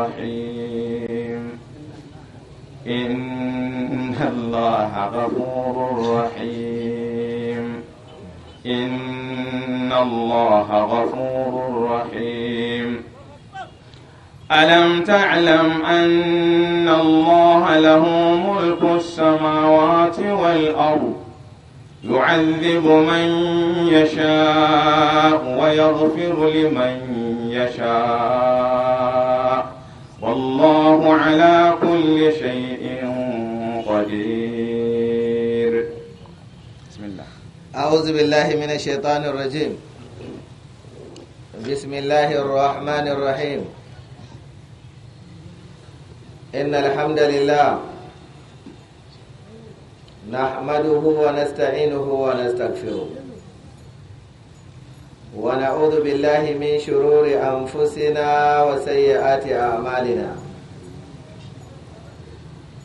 الرحيم إن الله غفور رحيم إن الله غفور رحيم ألم تعلم أن الله له ملك السماوات والأرض يعذب من يشاء ويغفر لمن يشاء والله على كل شيء قدير بسم الله أعوذ بالله من الشيطان الرجيم بسم الله الرحمن الرحيم إن الحمد لله نحمده ونستعينه ونستغفره ونعوذ بالله من شرور أنفسنا وسيئات أعمالنا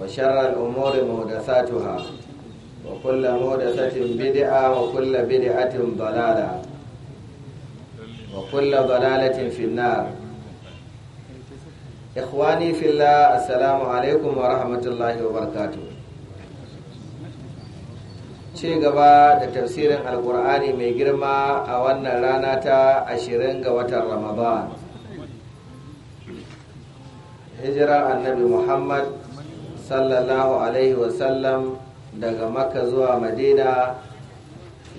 وشر الأمور محدثاتها وكل محدثة بدعة وكل بدعة ضلالة وكل ضلالة في النار إخواني في الله السلام عليكم ورحمة الله وبركاته ci gaba da tafsirin alkur'ani mai girma a wannan rana ta ashirin ga watan ramadan hijirar annabi muhammad sallallahu alaihi wasallam daga makka zuwa madina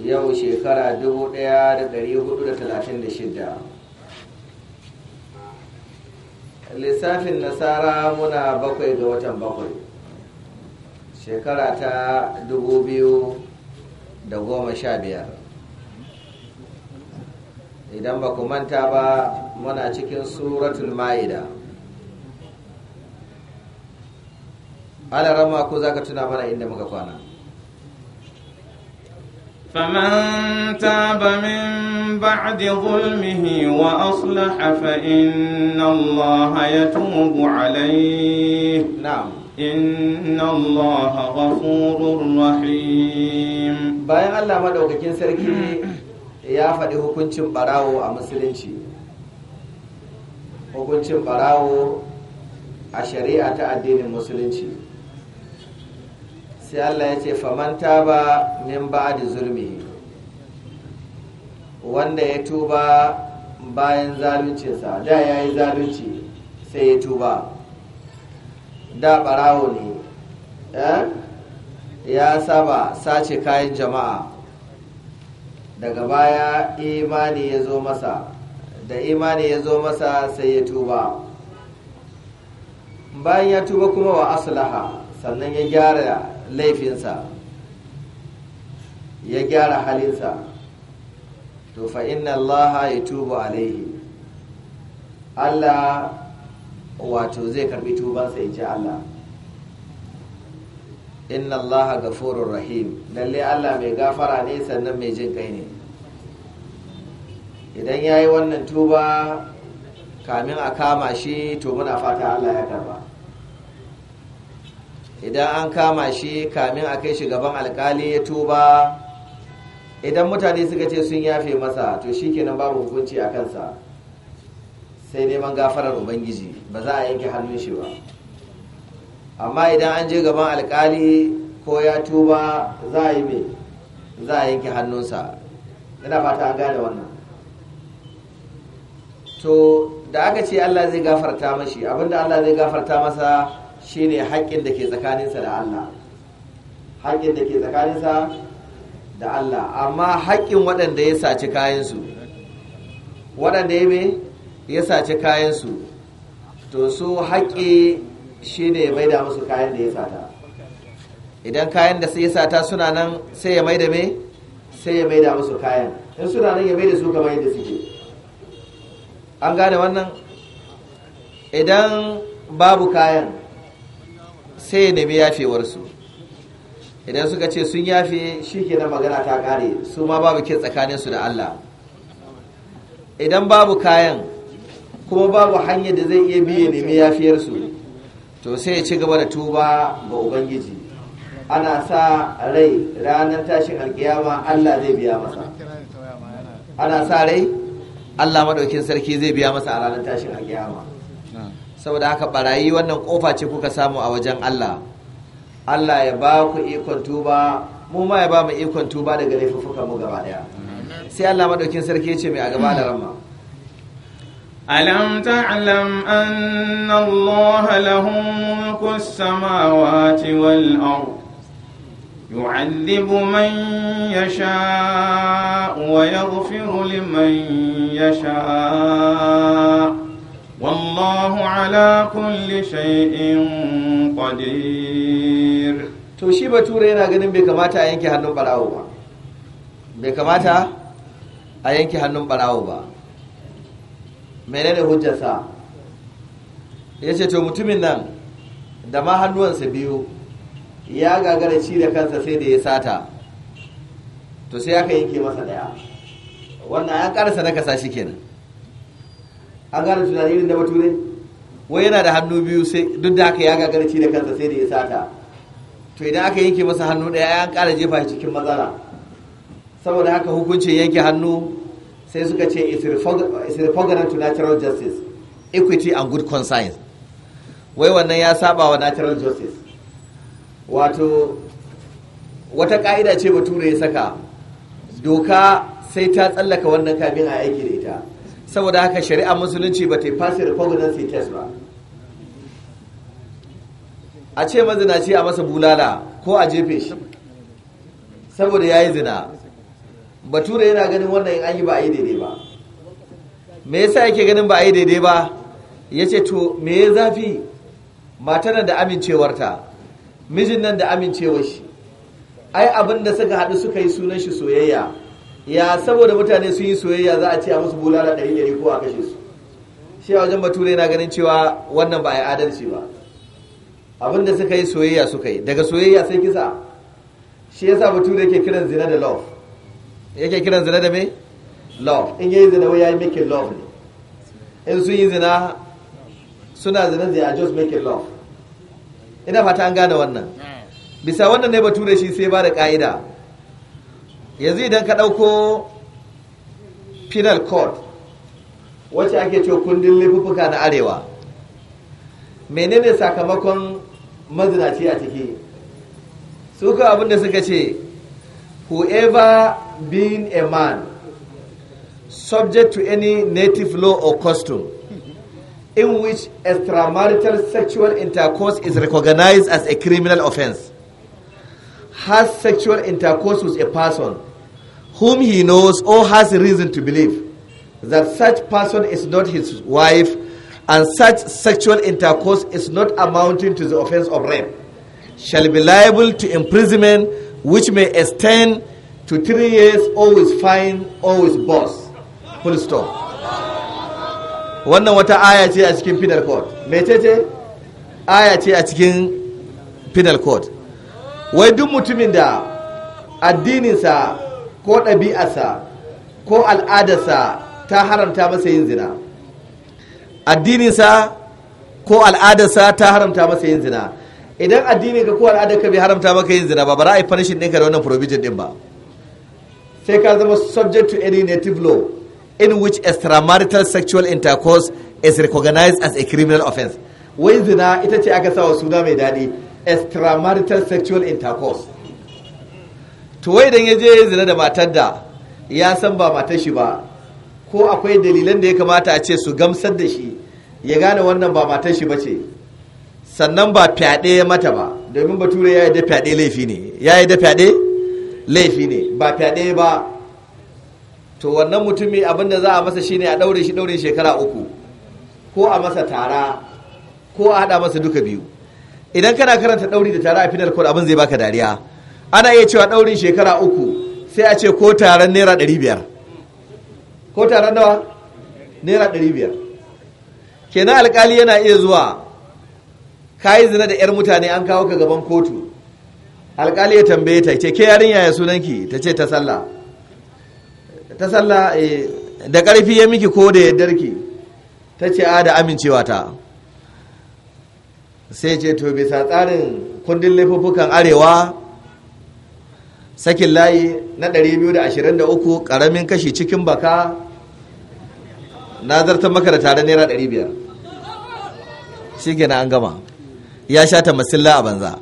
yau shekara 1436 lissafin nasara muna bakwai ga watan bakwai shekara ta 2015 idan ba ku manta ba muna cikin suratul ma'ida ala rama ko zaka tuna mana inda muka kwana faman taba min ba'di zulmihi wa aslaha fa inna allaha yatubu alayhi na'am inna allaha ghafurur rahim bayan Allah madaukakin sarki ya fadi hukuncin barawo a musulunci hukuncin barawo a shari'a ta addinin musulunci sai Allah ya ce faman ba min da zulmi wanda ya tuba bayan zaluncinsa da ya yi zalunci sai ya tuba da barawo ne eh? ya saba sace kayan jama'a daga baya imani ya zo masa da imani ya zo masa sai ya tuba bayan ya tuba kuma wa asulaha, sannan ya gyara laifinsa ya gyara halinsa to fa inna allaha ya tubu alaihi allah wato zai karbi tubansa ya ce allah inna allaha gafurur rahim lalle allah mai gafara ne sannan mai jin kai ne idan ya yi wannan tuba kamin a kama shi to muna fata allah ya karba idan an kama shi kamin a kai shi gaban alkali ya tuba idan mutane suka ce sun yafe masa to shi babu hukunci a kansa sai neman gafarar ubangiji ba za a yanke hannun shi ba amma idan an je gaban alkali ko ya tuba za a yi mai za a yanke hannunsa ina fata an gane wannan to da aka ce allah zai gafarta mashi abinda allah zai gafarta masa shine haƙƙin da ke tsakaninsa da Allah haƙƙin da ke tsakaninsa da Allah amma haƙƙin waɗanda ya saci kayansu waɗanda ya me ya saci kayansu to su haƙƙi shine mai da musu kayan da ya sata idan kayan da ya sata suna nan sai ya mai da me sai ya mai da musu kayan in suna nan ya mai da su kamar yadda suke an gane wannan idan babu kayan sai ya nemi yafewarsu idan suka ce sun yafe shi ke na magana ta kare su ma babu ke tsakaninsu da Allah idan babu kayan kuma babu hanyar da zai iya biye nemi yafiyarsu to sai ya ci gaba da tuba ga ubangiji ana sa rai ranar tashin alkiyama Allah zai biya masa ana sa rai Allah maɗaukin sarki zai biya masa a ranar tashin alkiyama saboda haka barayi wannan kofa ce kuka samu a wajen Allah Allah ya ba ku ikon tuba mu ma ya ba mu ikon tuba daga laifuffuka mu gaba daya sai Allah madaukin sarki ce mai a gaba da ramma anna Allah lahu الله samawati wal ard yu'adhibu man yasha wa yaghfiru liman yasha. والله على كل شيء قدير to shi bature yana ganin bai kamata a yanke hannun barawo ba bai kamata a yanke hannun barawo ba menene hujjarsa ya ce to mutumin nan da ma hannuwansa biyu ya gagara ci da kansa sai da ya sata to sai aka yanke masa daya wannan ya karasa na kasa shi kenan an gane tunani irin da bature wai yana da hannu biyu sai duk da haka ya gagarci da kansa sai da ya sata to idan aka yanke masa hannu daya ya kara jefa shi cikin matsala saboda haka hukuncin yanke hannu sai suka ce is repugnant to natural justice equity and good conscience wai wannan ya saba wa natural justice wato wata ka'ida ce bature ya saka doka sai ta tsallaka wannan kamin a aiki da ita saboda haka shari'a musulunci ba ta yi fasi recognizance test ba a ce ce a masa bulala ko a jefe shi saboda ya yi zina bature yana ganin wannan an yi ba a yi daidai ba me yasa yake ganin ba a yi daidai ba ya ce to me ya zafi matan da amincewarta mijin nan da amincewar shi ai abin da suka haɗu suka yi sunan shi soyayya ya saboda mutane sun yi soyayya za a ce a musu bulala ɗari ɗari ko a kashe su shi a wajen bature na ganin cewa wannan ba a yi adalci ba abinda suka yi soyayya suka yi daga soyayya sai kisa shi yasa bature yake kiran zina da love yake kiran zina da me love in yayi zina wai yayi make love ne in sun yi zina suna zina zai a just make love ina fata an gane wannan bisa wannan ne bature shi sai ba da ka'ida yanzu idan ka ɗauko penal code wacce ake ce kundin laifuka na arewa menene sakamakon mazinaci a ciki su ka abinda suka ce whoever being a man subject to any native law or custom in which extramarital sexual intercourse is recognized as a criminal offense has sexual intercourse with a person whom he knows or has reason to believe that such person is not his wife and such sexual intercourse is not amounting to the offense of rape shall be liable to imprisonment which may extend to three years or with fine or with boss full stop wannan wata aya ce a cikin penal code mecece aya ce a cikin penal code wai duk mutumin da addininsa ko ɗabi'arsa ko al'adarsa ta haramta masa yin zina addininsa ko al'adarsa ta haramta masa yin zina idan addinin ko al'adar ka bai haramta maka yin zina ba ba za a yi punishing ɗinka da wannan provision ɗin ba sai ka zama subject to any native law in which extramarital sexual intercourse is recognized as a criminal offense wai zina ita ce aka sawa suna mai daɗi extramarital sexual intercourse to wai idan ya je zina da matar da ya san ba matar shi ba ko akwai dalilan da ya kamata a ce su gamsar da shi ya gane wannan ba matar shi ba ce sannan ba fyaɗe ya mata ba domin bature ya yi da fyaɗe laifi ne ya yi da fyaɗe laifi ne ba fyaɗe ba to wannan mutumi abinda za a masa shi ne a ɗaure shi ɗaure shekara uku ko a masa tara ko a haɗa masa duka biyu idan kana karanta ɗauri da tare a fidar code abin zai baka dariya ana iya cewa ɗaurin shekara uku sai a ce ko taron naira ɗari biyar ko taron nawa naira ɗari biyar kenan alkali yana iya zuwa ka yi zina da 'yar mutane an kawo ka gaban kotu alkali ya tambaye ta ce ke yarinya ya sunanki ta ce ta sallah ta sallah eh, da ƙarfi ya miki ko da yaddarki ta ce a da amincewa ta sai ce to bisa tsarin kundin laifuffukan arewa sakin layi na 223 karamin kashi cikin baka na zartar maka da tare naira 500 shi na an gama ya sha ta masilla a banza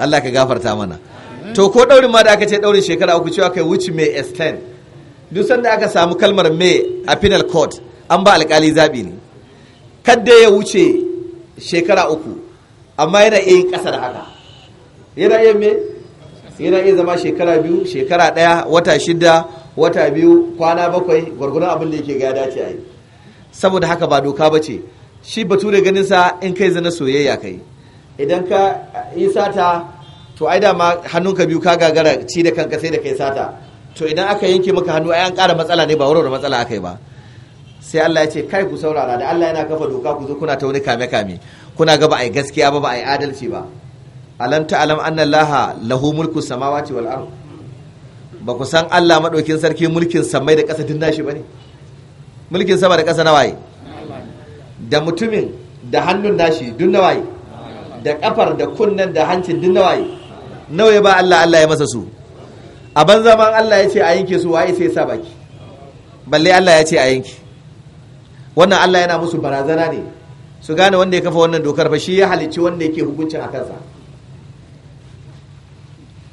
Allah ka gafarta mana to ko daurin ma da aka ce daurin shekara uku cewa kai which may extend duk sanda aka samu kalmar may a penal court an ba alkali zaɓi ne kadda ya wuce shekara uku amma yana iya yin ƙasa da haka yana iya me yana iya zama shekara biyu shekara ɗaya wata shida wata biyu kwana bakwai gwargwadon abin da yake ga dace a yi saboda haka ba doka ba ce shi bature ganin sa in kai zana soyayya kai idan ka yi sata to ai ma hannunka biyu ka gagara ci da kanka sai da kai sata to idan aka yanke maka hannu ai an ƙara matsala ne ba wurin matsala aka yi ba sai Allah ya ce kai ku saurara da Allah yana kafa doka ku zo kuna ta wani kame kame kuna ga ba ai gaskiya ba ba ai adalci ba alam ta alam anna laha lahu mulku samawati wal ard ba ku san Allah madaukin sarki mulkin samai da ƙasa din nashi bane mulkin sama da ƙasa na waye da mutumin da hannun nashi dun nawaye waye da kafar da kunnen da hancin dun nawaye waye ba Allah Allah ya masa su a banza man Allah ya ce a yanke su waye sai ya sa baki balle Allah ya ce a yanke wannan Allah yana musu barazana ne su gane wanda ya kafa wannan dokar Ba shi ya halicci wanda yake hukuncin a kansa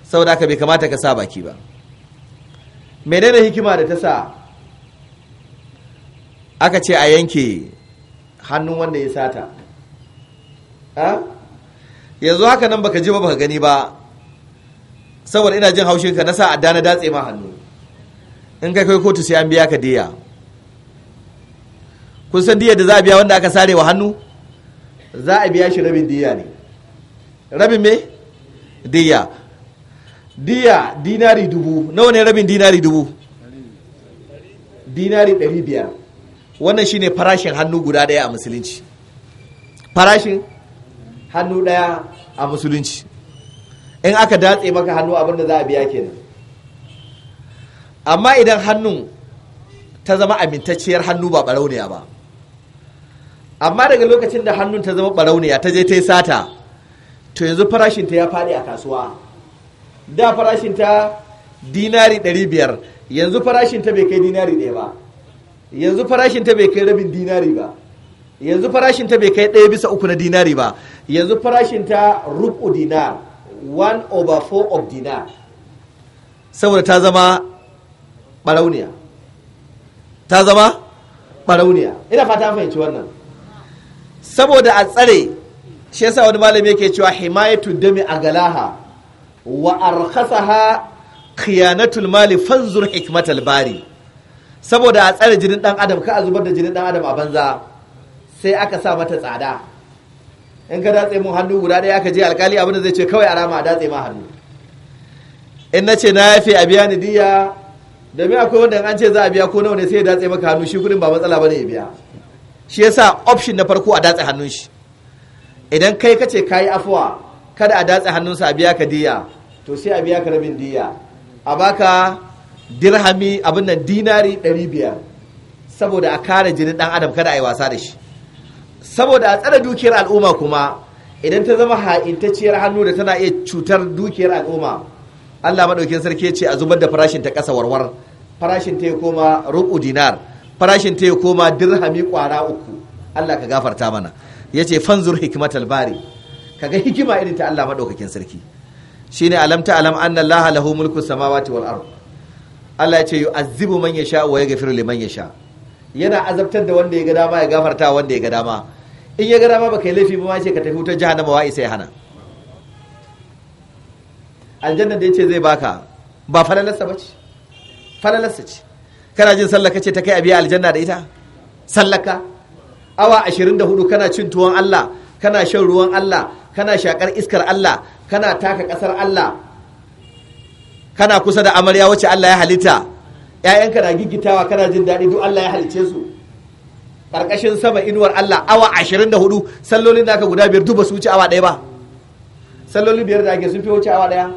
saboda haka bai kamata ka sa baki ba menene hikima da ta sa aka ce a yanke hannun wanda ya sata yanzu haka nan baka ji ba baka gani ba saboda ina jin haushinka na sa a dana datse ma hannu in kai kai kotu sai an biya ka diya kun san diyar da za a biya wanda aka sare wa hannu za a biya shi rabin diya ne rabin me diya diya dinari dubu nawa ne rabin dinari dubu dinari ɗari biyar wannan shine farashin hannu guda ɗaya a musulunci farashin hannu ɗaya a musulunci in aka datse maka hannu abinda za a biya kenan amma idan hannun ta zama amintacciyar hannu ba ɓarauniya ba amma daga lokacin da hannun ta zama barauniya ta je ta yi sata to yanzu farashinta ya faɗi a kasuwa da farashinta dinari 500 yanzu farashinta bai kai dinari ɗaya ba yanzu farashinta bai kai rabin dinari ba yanzu farashinta bai kai ɗaya bisa uku na dinari ba yanzu farashinta rubu dinar 1 over 4 of dinar saboda ta zama barauniya ta zama barauniya ina fata fahimci wannan saboda a tsare shi yasa wani malami yake cewa himayatu dami a galaha wa arkhasaha khiyanatul mali fanzur hikmatal bari saboda a tsare jinin dan adam ka zubar da jinin dan adam a banza sai aka sa mata tsada in ka datse mun hannu guda ɗaya aka je alkali abinda zai ce kawai a a datse ma hannu in na ce na yafe a biya ni diya domin akwai wanda an ce za a biya ko nawa ne sai ya datse maka hannu shi kudin ba matsala bane ya biya shi yasa option na farko a datse hannun shi idan kai kace kayi afuwa kada a datse sa a biya ka diya to sai a biya ka rabin diya a baka dirhami abin nan dinari 500 saboda a kare jini dan adam kada a yi wasa da shi saboda a tsare dukiyar al'umma kuma idan ta zama ha'intacciyar hannu da tana iya cutar dukiyar al'umma Allah madaukin sarki ce a zubar da farashin ta ƙasa warwar farashin ta ya koma rubu dinar farashin ta ya koma dirhami kwara uku Allah ka gafarta mana Ya yace fanzur albari. Ka ga hikima irin ta Allah madaukakin sarki shi alam ta alam nan Allah lahu mulku samawati wal ard Allah yace azibu man yasha wa liman yasha yana azabtar da wanda ya ga dama ya gafarta wanda ya ga dama in ya ga dama baka yi laifi ba ma ce ka tafi wutar jahannama wa isa ya hana aljanna da ce zai baka ba falalarsa ce. falalarsa ce kana jin sallah kace ta kai abiya aljanna da ita sallaka awa 24 kana cin tuwon Allah kana shan ruwan Allah kana shakar iskar Allah kana taka kasar Allah kana kusa da amarya wacce Allah ya halitta ƴaƴanka na gigitawa kana jin daɗi duk Allah ya halice su karkashin sama inuwar Allah awa 24 sallolin da aka guda biyar duba su wuce awa ɗaya ba sallolin biyar da ake sun fi wuce awa ɗaya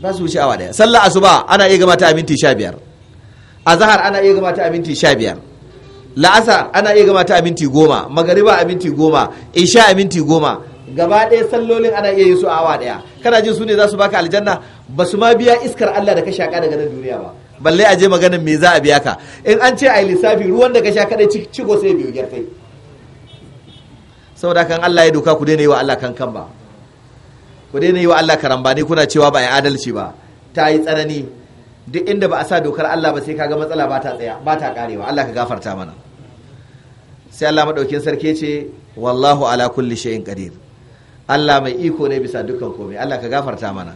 ba su wuce awa ɗaya sallah asuba ana iya gama ta aminti sha biyar a zahar ana iya gama ta a minti sha biyar la'asar ana iya gama ta a minti goma magariba a minti goma isha a minti goma gaba ɗaya sallolin ana iya yi su awa ɗaya kana jin su ne za su baka aljanna ba su ma biya iskar Allah da ka shaƙa daga nan duniya ba balle a je maganin me za a biya ka in an ce a yi lissafi ruwan da ka sha kaɗai ci sai biyu gyartai saboda kan Allah ya doka ku daina yi wa Allah kankan ba ku daina yi wa Allah karambani kuna cewa ba ya adalci ba ta yi tsanani duk inda ba a sa dokar Allah ba sai kaga matsala ba ta tsaya ba ta karewa Allah ka gafarta mana sai Allah madaukin sarki ce wallahu ala kulli shay'in qadir Allah mai iko ne bisa dukkan komai Allah ka gafarta mana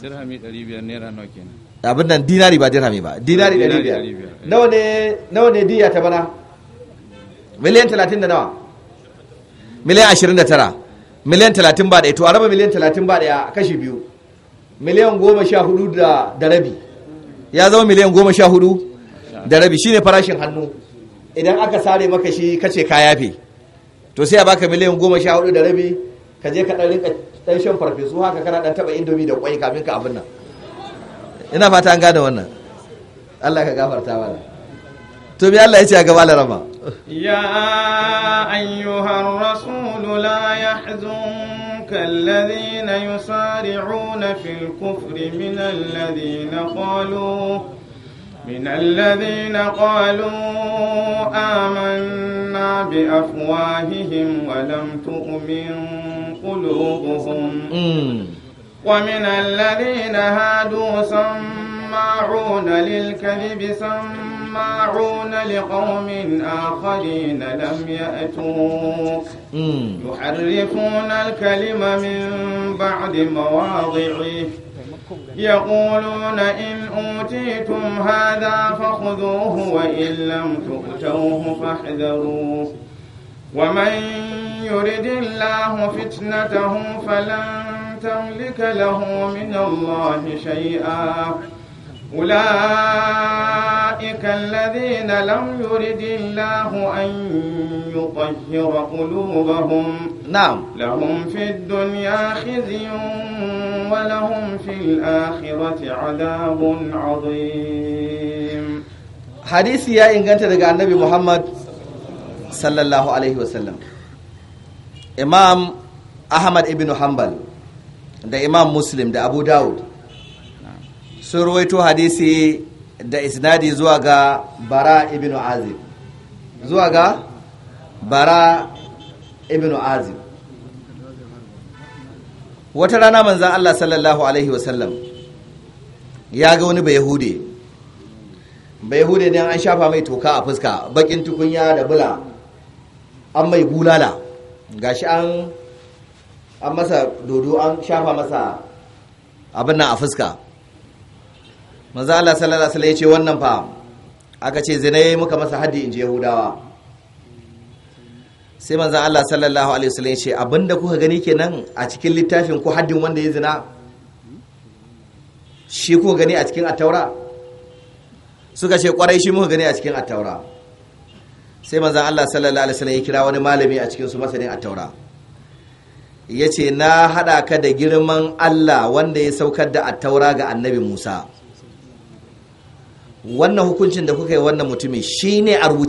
dirhami 500 naira nawa kenan abin nan dinari ba dirhami ba dinari 500 nawa ne nawa ne diya ta bana miliyan 30 da nawa miliyan 29 miliyan 30 ba da ito a raba miliyan 30 ba da kashi biyu miliyan 14 da rabi ya zama miliyan goma sha hudu da rabi shine farashin hannu idan aka sare maka shi kace ka yafe to sai a baka miliyan goma sha hudu da rabi ka je ka dan rinka dan shan farfesu haka kana dan taba indomi da kwai kafin ka abin nan ina fata an gane wannan Allah ka gafarta mana to bi Allah ya ce a gaba larama ya ayyuhar rasul la yahzun كالذين يسارعون في الكفر من الذين قالوا من الذين قالوا آمنا بأفواههم ولم تؤمن قلوبهم ومن الذين هادوا سماعون للكذب سماعون سماعون لقوم آخرين لم يأتوك يحرفون الكلمة من بعد مواضعه يقولون إن أوتيتم هذا فخذوه وإن لم تؤتوه فاحذروه ومن يرد الله فتنته فلن تملك له من الله شيئا أولئك أولئك الذين لم يرد الله أن يطهر قلوبهم نعم لهم في الدنيا خزي ولهم في الآخرة عذاب عظيم حديث يا إن كنت دقاء النبي محمد صلى الله عليه وسلم إمام أحمد ابن حنبل da imam muslim da abu dawud sun ruwaito hadisi da isnadi zuwa ga bara ibn azib zuwa ga bara ibn azib wata rana manzan Allah sallallahu alaihi wasallam ya ga wani bayahude bayahude ne an shafa mai toka a fuska bakin tukunya da bula an mai bulala gashi an an masa dodo an shafa masa abin a fuska maza Allah sallallahu alaihi wasallam ya ce wannan fa aka ce zina yayi muka masa haddi inji yahudawa sai maza Allah sallallahu alaihi wasallam ya ce abinda kuka gani kenan a cikin littafin ku haddin wanda ya zina shi kuka gani a cikin attaura suka ce kwarai shi muka gani a cikin attaura sai maza Allah sallallahu alaihi wasallam ya kira wani malami a cikin su masanin attaura ya ce na haɗa ka da girman Allah wanda ya saukar da attaura ga annabi Musa wannan hukuncin da kuka yi wannan mutumin shi ne a rubuce